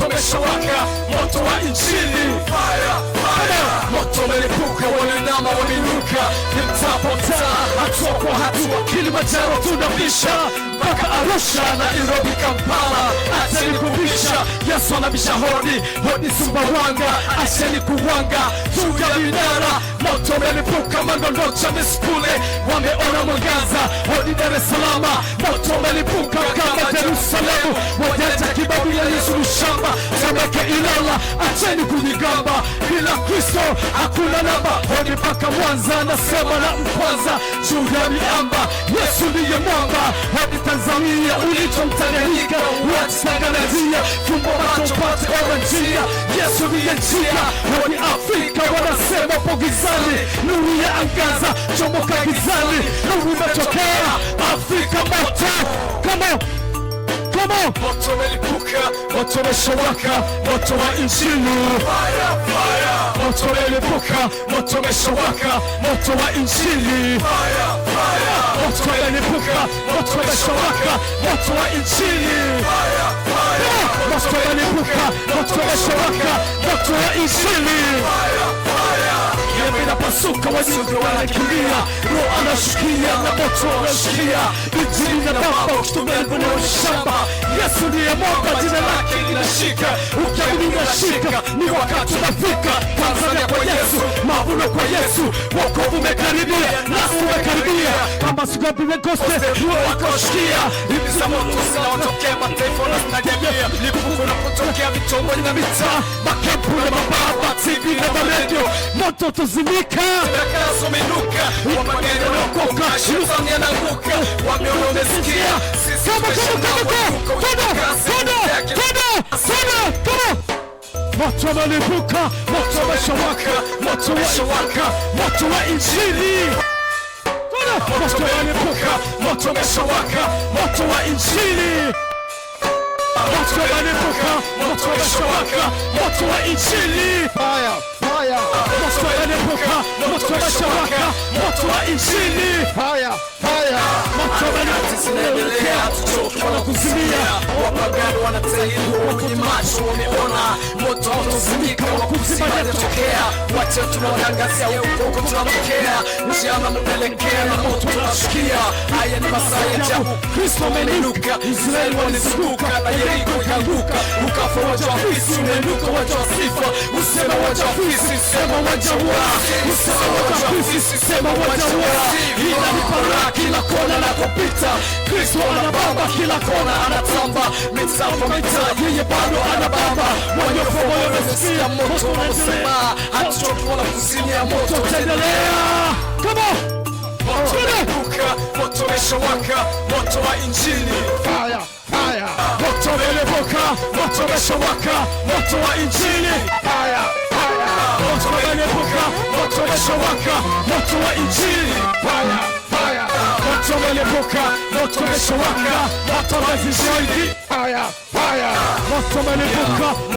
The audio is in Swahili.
tumeshawaka moto wa Injili, moto umelipuka, wanainama wameinuka, ni mtaa kwa hatua kwa hatua, kilimajaro tunapisha mpaka Arusha na irobi Kampala. Acheni kubisha, Yesu anabisha hodi hodi, Sumbawanga, acheni kuwanga, tuga minara umelipuka Magondota Miskule, wameona mwangaza hodi Dar es Salaam. Moto umelipuka kama Yerusalemu, wajanja kibabu ya Yesu shamba tubebeke Ilala, acheni kujigamba, bila Kristo hakuna namba. Hodi mpaka Mwanza, nasema na Mkwanza juu ya miamba. Yesu ndiye mwamba. hadi Tanzania, ulicho Mtanganyika, watangazia fumbo macho oranjia. Yesu ndiye njia. Hodi Afrika, wanasema pogizani, nuru ya angaza, chomoka gizani, nuru imetokea msimamo, moto umelipuka, moto umeshowaka, moto wa Injili, moto umelipuka, moto umeshowaka, moto wa Injili, moto umelipuka, moto umeshowaka, moto wa Injili, moto umelipuka, moto umeshowaka, moto wa Injili wanapasuka, wanyonge wanakimbia, roho anashukia na moto unashikia, injili na dafa ukitumia nguvu ya shamba. Yesu ndiye mwamba, jina lake linashika, ukiamini unashika. Ni wakati unafika, Tanzania kwa Yesu, mavuno kwa Yesu, wokovu umekaribia, nasi umekaribia kama siku ya Pentekoste wakoshikia hivi za moto zinawatokea mataifa na jamii, lipuko na kutokea vitongoji na mitaa, makempu na mababa, TV na maredio, moto tuzimika Moto wa malipuka, moto wa shawaka, moto wa shawaka, moto wa injili. Moto wa malipuka, moto wa shawaka, moto wa injili. Moto wa malipuka, moto wa shawaka, moto wa injili. Fire, fire watu wa nchini. Haya, haya, wanakuzimia, wapagani wanatahiriwa, wenye macho wameona moto utazimika, wa kuzima yatokea, wacha tunaangazia huko tunapokea, njama mnaelekea na moto haya ni masaa ya ajabu. Kristo ameinuka, Israeli walizunguka na Yeriko ikaanguka, ukafa waja wa fisi, umeinuka waja wa sifa. Usema waja wa fisi, sema waja wa, usema waja wa fisi, sema waja wa. Inanipa raha kila kona na kupita Kristo anabamba kila kona, anatamba mitamba mita yeye bado anabamba. Wanyofu moyo unasikia moto unaosema, hatuchoki kusini ya moto tendelea Come on! moto ulipuka, moto umeshawaka, moto wa Injili. Fire, fire. Moto umelipuka, moto umeshawaka, moto wa Injili. Fire, fire. Moto umelipuka, moto umeshawaka, moto wa Injili. Fire, fire. Moto umelipuka, moto umeshawaka, moto wa Injili. Fire, fire. Moto umelipuka